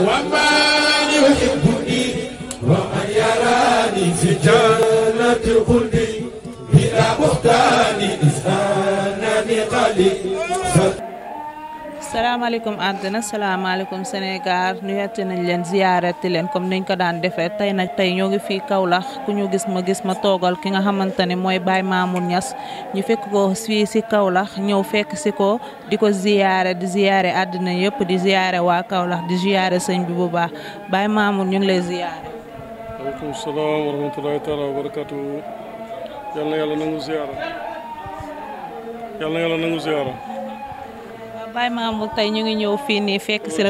ومن يحبني ومن يراني في جنة الخلد بلا بهتان إذ أنني قليل salaamaaleykum àddina salaamaaleykum Sénégal nuyati nañ leen ti leen comme niñ ko daan defee tey nag tey ñoo ngi fii Kaolack ku ñu gis ma gis ma toogal ki nga xamante ne mooy Baye Mamour Niass ñu fekk ko fii si Kaolack ñëw fekk si ko di ko ziyaare di ziyaare àddina yëpp di ziyaare waa Kaolack di ziyaare sëñ bi bu baax Baye Mamour ñu ngi lay ziyaare. waaleykum salaam wa rahmatulahi taala yal na yàlla nangu ziyaara Baye Mamour tey ñu ngi ñëw fii nii fekk si ñu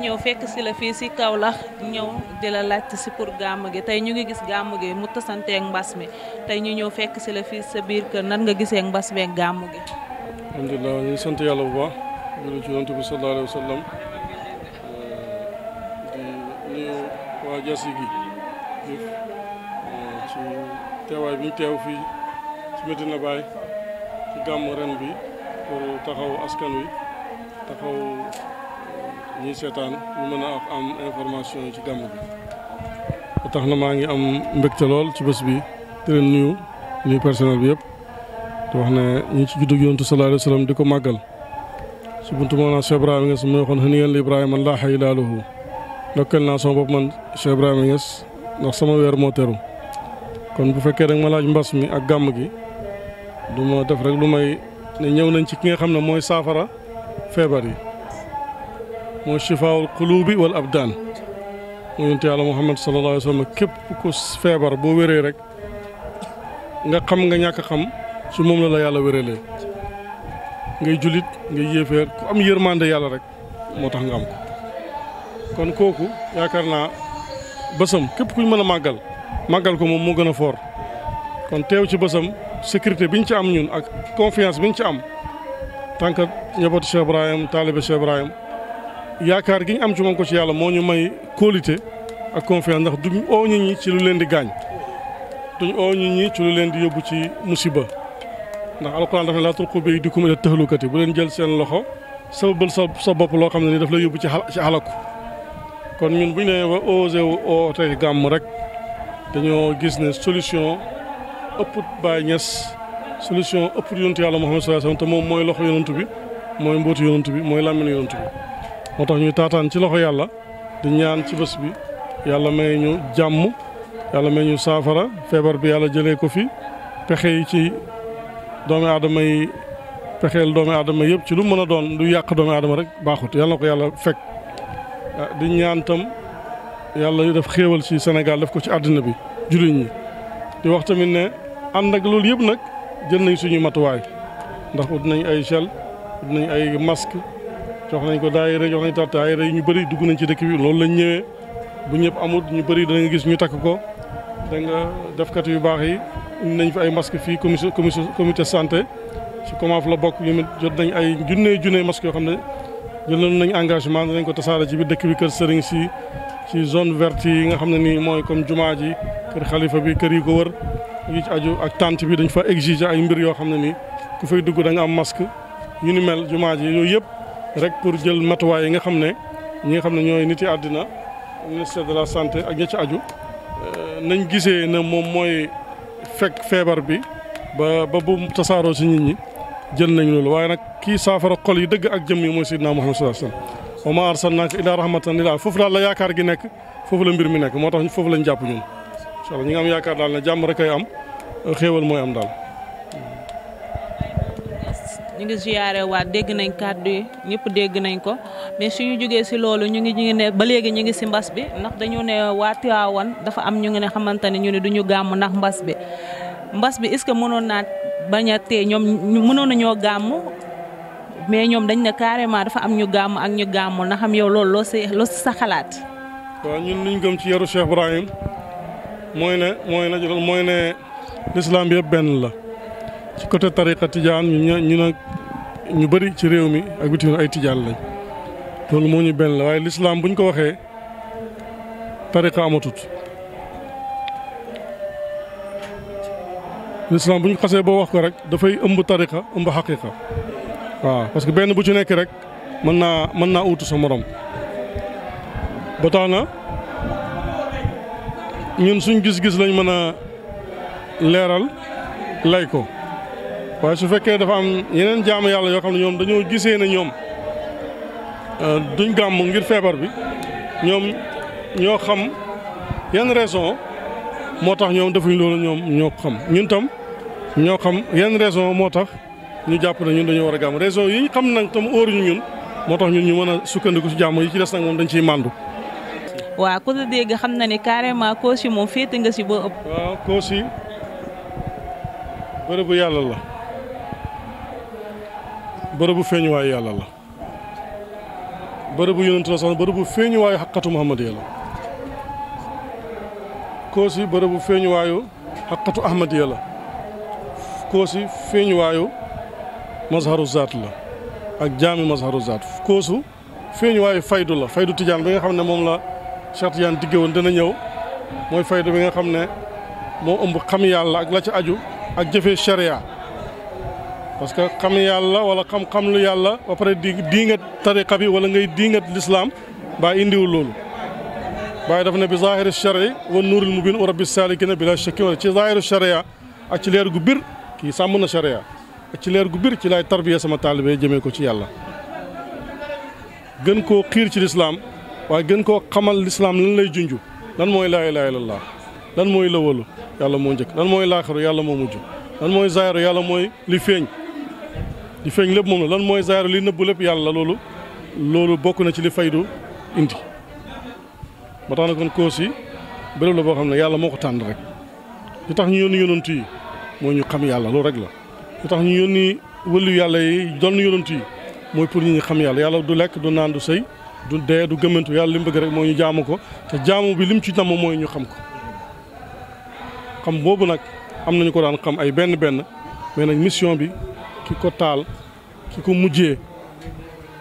ngi fekk si la fii si Kaolack di la si pour gàmm gi tey ñu ngi gis gàmm gi mu tasanteeg mbas mi tey ñu ñëw fekk si la sa biir kër nan nga gisee mbas beeg gàmm gi. ñu sant bu baax ci yonte bi sallallahu alayhi di nuyu waa jasi gi eh, ci teewaay bi teew ci Medina Baye ci ren bi taxaw askan wi taxaw ñi seetaan ñu mën a am information ci gàmm bi tax na maa ngi am mbégte lool ci bés bi di leen nuyu nuyu personnel bi yëpp di wax ne ñi ci juddug yontu sallallahu alayhi wasallam di ko màggal si buntu moona Cheikh Ibrahima Niass mooy waxoon xëniyan li Ibrahima laaxa ilaaluhu ndokkal naa sama bopp man Cheikh Ibrahima Niass ndax sama weer moo teru kon bu fekkee nag ma laaj mbas mi ak gàmm gi du ma def rek lu may ne ñëw nañ ci ki nga xam ne mooy saafara feebar yi mooy shifaawul quluubi wal abdaan mu moo yàlla muhammad sallallahu alayhi wa sallam képp ku feebar boo wéree rek nga xam nga ñàkk xam su moom la la yàlla wérelee ngay julit ngay yéeféer ku am yërmande yàlla rek moo tax nga am ko kon kooku yaakaar naa bësam képp kuñ mën a màggal màggal ko moom moo gën a foor kon teew ci bësam sécurité bi ñu ci am ñun ak confiance bi ñu ci am tant que njabootu Cheikh Ibrahim taalibe Cheikh Ibrahim yaakaar gi ñu am ci moom ko ci yàlla moo ñu may kóolite ak confiance ndax duñ oo nit ñi ci lu leen di gaañ duñ oo nit ñi ci lu leen di yóbbu ci musiba ndax alquran daf ne laa tulqu bi aydiikum ilaa tahlukati bu leen jël seen loxo sababal sa sa bopp loo xam ne ni daf lay yóbbu ci ci xalaku kon ñun bu ñu nee ba osé oo tey gàmm rek dañoo gis ne solution ëpput Baye Niass solution ëpput yontu yàlla Muhammad sallallahu alayhi wasallam te moom mooy loxo yonent bi mooy mbóotu yonent bi mooy làmmiñu yonent bi moo tax ñuy taataan ci loxo yàlla di ñaan ci bés bi yàlla may ñu jàmm yàlla may ñu saafara feebar bi yàlla jëlee ko fi pexe yi ci doomi aadama yi pexeel doomi aadama yëpp ci lu mën a doon lu yàq doomi aadama rek baaxut yàlla ko yàlla fekk ah, di ñaan tam yàlla def xéewal ci Sénégal def ko ci àddina bi jullit ñi di wax tamit ànd ak loolu yëpp nag jën nañ suñu matuwaay ndax ut nañ ay gel ut nañ ay masque jox nañ ko daayira jox nañ tàtt daayira yi ñu bëri dugg nañ ci dëkk bi loolu lañ ñëwee bu ñëpp amut ñu bëri da nga gis ñu takk ko da nga defkat yu baax yi nañ fi ay masque fii commission comité santé ci comment la bokk ñu jot nañ ay junnee junnee masque yoo xam ne jëloon nañ engagement dinañ ko tasaare ci biir dëkk bi kër sëriñ si si zone verte yi nga xam ne nii mooy comme jumaa ji xalifa bi kër yi ko wër yu ci aju ak tente bi dañ fa exiger ay mbir yoo xam ne nii ku fay dugg danga nga am masque yu ni mel jumaa ji yooyu yëpp rek pour jël matuwaay yi nga xam ne ñi nga xam ne ñooy nit yi àddina ministère de la santé ak ña ci aju euh, nañ gisee ne moom mooy fekk feebar bi ba ba bu tasaaroo ci nit waaye nag kii saafara xol yi dëgg ak jëm yi mooy Seydina Muhammad sallallahu alayhi wasallam wa ma arsalnaaka illaa rahmatan lil aalamiin foofu daal la yaakaar gi nekk foofu la mbir mi nekk moo tax foofu lañu jàpp ñun incha allah ñi nga am yaakaar daal ne jàmm rek ay am xéewal mooy am daal. ñu ngi ziyaare waa dégg nañ kàddu yi ñëpp dégg nañ ko mais suñu jógee si loolu ñu ngi ñu ngi ne ba léegi ñu ngi si mbas bi ndax dañu ne waat waa wan dafa am ñu ngi ne xamante ne ñu ne duñu gàmm ndax mbas bi mbas bi est-ce que mënoon naa bañ a tee ñoom mënoon nañoo gàmmu mais ñoom dañ ne carrément dafa am ñu gàmm ak ñu gàmm na xam yow loolu loo si sa xalaat. waaw ñun ñu gëm ci yaru Cheikh mooy ne mooy ne mooy ne lislaam bi benn la ci côté tariqa tijaan ñu ñu nag ñu bëri ci réew mi ak bitim ay tijaan lañ loolu moo ñu benn la waaye lislaam buñ ko waxee tariqa amatut lislaam bu ñu xasee boo wax ko rek dafay ëmb tariqa ëmb xaqiqa waaw parce que benn bu ci nekk rek mën naa mën naa uutu sa morom ba tax na ñun suñ gis-gis lañ mën a leeral lay ko waaye su fekkee dafa am yeneen jaamu yàlla yoo xam ne ñoom dañoo gisee ne ñoom euh, duñ gàmm ngir feebar bi ñoom ñoo xam yan raison moo tax ñoom defuñ ñoom ñoo xam ñun tam ñoo xam yan raison moo tax ñu jàpp ne ñun dañoo war a gàmm raison yi xam nag tam óoruñu ñun moo tax ñun ñu mën a sukkandiku ci jàmm yi ci des nag moom dañ ciy màndu waa ku la dégg xam na ni carrément Kossy moom féete nga si boo ëpp. waaw Kossy bërëbu yàlla la bërëbu feeñuwaayu yàlla la bërëbu feeñuwaayu xaqatu Muhammad la Kossy bërëbu feeñuwaayu xaqatu Ahmad yàlla Kossy feeñuwaayu mazharu zaat la ak jaami mazharu zaat Kossy feeñuwaayu faydu la faydu tijaan bi nga xam ne moom la. Cheikh Tidiane digge woon dana ñëw mooy fayda bi nga xam ne moo ëmb xam yàlla ak la ci aju ak jëfee sharia parce que xam yàlla wala xam-xam lu yàlla ba pare di diingat tariqa bi wala ngay diingat lislaam baa indiwul loolu bàyyi dafa ne bi zahiri shari wa nuuril mubin wa rabbi salikina bila shakki wala ci zahiri sharia ak ci leer gu bir kii sàmm na sharia ak ci leer gu bir ci lay tarbiya sama taalibe jëmee ko ci yàlla gën koo xiir ci lislaam waaye gën koo xamal lislaam lan lay junj lan mooy laa ilaaha illallaah lan mooy lëwalu yàlla moo njëkk lan mooy laaxaru yàlla moo mujj lan mooy zaahiru yàlla mooy li feeñ li feeñ lépp moom lan mooy zaahiru li nëbbu lépp yàlla loolu loolu bokk na ci li faydu indi ba tax na kon koos yi la boo xam ne yàlla moo ko tànn rek li tax ñu yónni yonant yi moo ñu xam yàlla loolu rek la li tax ñu yónni wëllu yàlla yi doon yonant yi mooy pour ñu xam yàlla yàlla du lekk du naan du sëy du dee du gëmantu yàlla li mu bëgg rek moo ñu jaamu ko te jaamu bi lim ci namm mooy ñu xam ko xam boobu nag am nañu ko daan xam ay benn benn mais nag mission bi ki ko taal ki ko mujjee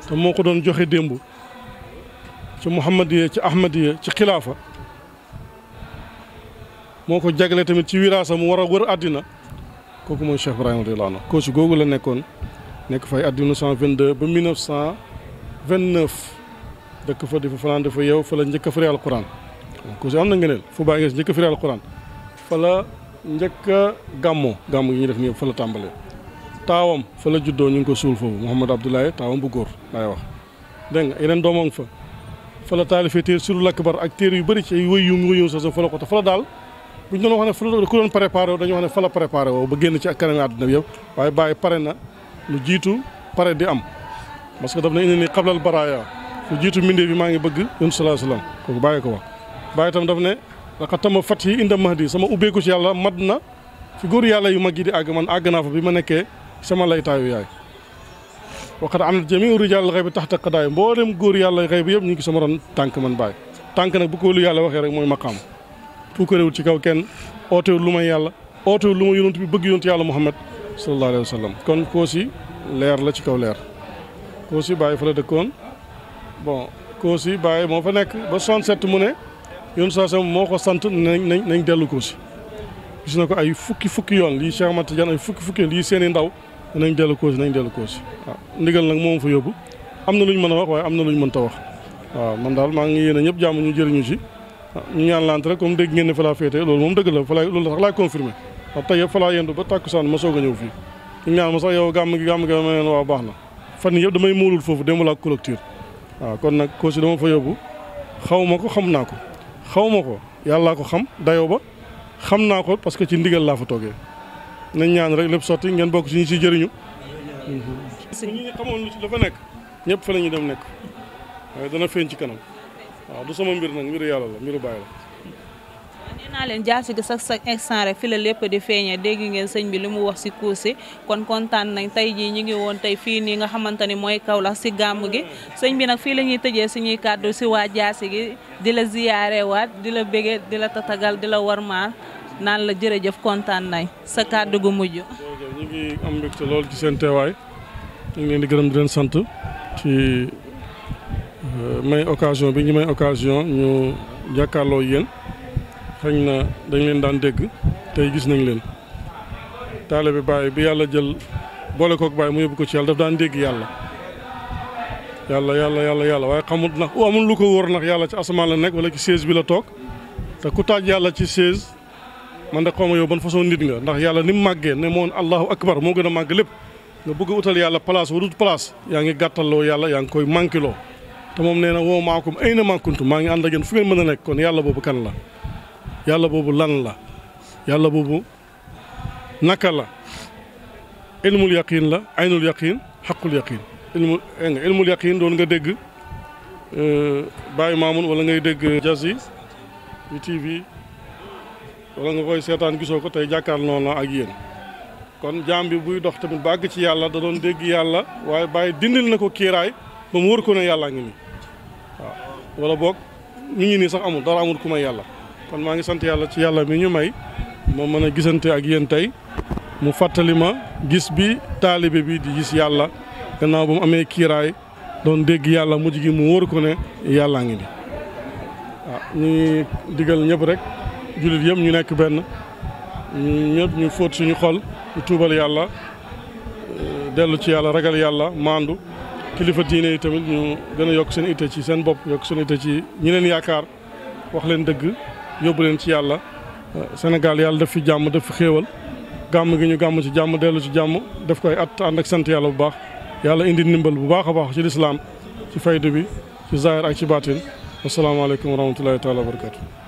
te moo ko doon joxe démb ci Muhammadiye ci Ahmadiye ci xilaafa moo ko jagle tamit ci wiraasa mu war a wër àddina kooku mooy Cheikh Ibrahima radiyallaahu anhu koosu googu la nekkoon nekk fay at 1922 ba 1929 dëkk fa di fa fanaan dafa yow fa la njëkk a firi alquran ku si am na ngëneel fu baa ngees njëkk a firi alquran fa la njëkk a gàmmoo gàmmu yi ñu def nii fa la tàmbalee taawam fa la juddoo ñu ngi ko suul foofu Mouhamad Abdoulaye taawam bu góor laay wax dégg nga yeneen doomam fa fa la taalifee téer surul lakbar ak téer yu bëri ci ay wëy yum wëy sa sa fa la ko ta fa la daal buñ doon wax ne fa la ku doon préparé dañu wax ne fa la préparé woo ba génn ci àdduna bi yëpp waaye na lu jiitu pare di am parce que daf na indi ni xablal baraaya su jiitu mbindéef bi maa ngi bëgg yun salaa salaam kooku bàyyi ko wax bàyyi itam daf ne daxa ma fat yi inda mahdi sama ubbeeku ci yàlla mat na fi góor yàlla yu mag yi di àgg man àgg naa fa bi ma nekkee sama laytaayu yaay waxat am na jamiu rijal xëy bi taxta xadaay mboolem góor yàlla xëy bi yëpp ñu ngi sama ron tànk man bàyyi tànk na bu ko lu yàlla waxee rek mooy maqaam tuukaréwul ci kaw kenn ootewul lu may yàlla ootewul lu ma bi bëgg yonent yàlla muhammad sallallahu alayhi wa sallam kon koo si leer la ci kaw leer koo si bon Kossy Baye moo fa nekk ba 67 mu ne yoon soosam moo ko sant nañ nañ dellu Kossy gis na ko ay fukki fukki yoon lii Cheikh Mata Diagne ay fukki fukki yoon lii seen i ndaw nañ dellu Kossy nañ dellu Kossy waaw ndigal nag moom fa yóbbu am na lu ñu mën a wax waaye am na lu ñu mënta wax waaw man daal maa ngi yéene ñëpp jàmm ñu jëriñu ci ñu ñaan lant rek comme dégg ngeen ne fa laa féete loolu moom dëgg la fa laa loolu sax laa confirmé ndax tey yëpp fa laa yendu ba tàkkusaan ma soog a ñëw fii ñu ñaan ma sax yow gàmm gi gàmm gi ma neen waaw baax na fan yëpp damay muulul foofu dem laa collecture waaw kon nag Kossy dama fa yóbbu xaw ma ko xam naa ko xaw ma ko yàllaa ko xam dayo ba xam naa ko parce que ci ndigal laa fo toogee nañ ñaan rek lépp sotti ngeen bokk si ñi ci jëriñu. ñi nga lu ci dafa nekk ñëpp fa la ñuy dem nekk waaye dana feeñ ci kanam waaw du sama mbir nag mbiru yàlla la naa leen jaasi gi sax sax instant rek fi la lépp di feeñee dégg ngeen sëñ bi lu mu wax si si kon kontaan nañ tey jii ñu ngi woon tey fii nii nga xamante ni mooy Kaolack si gàmm gi sëñ bi nag fii lañuy ñuy tëjee suñuy kàddu si waa jaasi gi di la ziyaare waat di la bége di la tatagal di la warmaal naan la jër jërëjëf kontaan nañ sa kàddu gu mujj. ñu ngi am mbégte lool ci seen teewaay ñu ngi leen di gërëm di sant ci euh, may occasion bi ñu may occasion ñu jàkkaarloo xëy na dañ leen daan dégg tey gis nañ leen taalibe Baay bi yàlla jël boole kook Baay mu yóbbu ko ci yàlla daf daan dégg yàlla yàlla yàlla yàlla yàlla waaye xamut ndax u amul lu ko wóor ndax yàlla ci asamaan la nekk wala ci siège bi la toog te ku taaj yàlla ci siège man de xaw ma yow ban façon nit nga ndax yàlla ni mu màggee ne moon allahu akbar moo gën a màgg lépp nga bëgg utal yàlla place warut place yaa ngi gàttaloo yàlla yaa ngi koy manqué loo te moom nee na ngi ànd ak yéen fu mën a nekk yàlla boobu kan yàlla boobu lan la yàlla boobu naka la ilmul yaqin la aynul yaqin xaqul yaqin ilmul yaqin doon nga dégg euh, Baye Mamoun wala ngay dégg Jazzy yu TV wala nga koy seetaan gisoo ko tey jàkkaarloo na ak yéen kon jaam bi buy dox tamit bàgg ci yàlla da doon dégg yàlla waaye Baye dindil na ko kiiraay ba mu wër ko ne yàllaa ngi nii waaw wala boog ni ngi nii sax amul dara amul ku may yàlla kon maa ngi sant yàlla ci yàlla mi ñu may moo mën a gisante ak yéen tey mu fàttali ma gis bi taalibe bi di gis yàlla gannaaw ba mu amee kiiraay doon dégg yàlla mujj gi mu wóor ko ne yàllaa ngi bi waaw ah, ñuy digal ñëpp rek jullit yëpp ñu nekk benn ñu ñëpp ñu fóot suñu xol ñu tuubal yàlla euh, dellu ci yàlla ragal yàlla maandu kilifa diine yi tamit ñu gën a yokk seen itte ci seen bopp yokk seen itte ci ñi leen yaakaar wax leen dëgg yóbbu leen ci yàlla Sénégal yàlla def fi jàmm def fi xéewal gàmm gi ñu gàmm ci jàmm dellu ci jàmm def koy at ànd ak sant yàlla bu baax yàlla indi ndimbal bu baax a baax ci lislaam ci faydu bi ci zahir ak ci baatin asalaamaaleykum wa rahmatullahi taala wa barakatu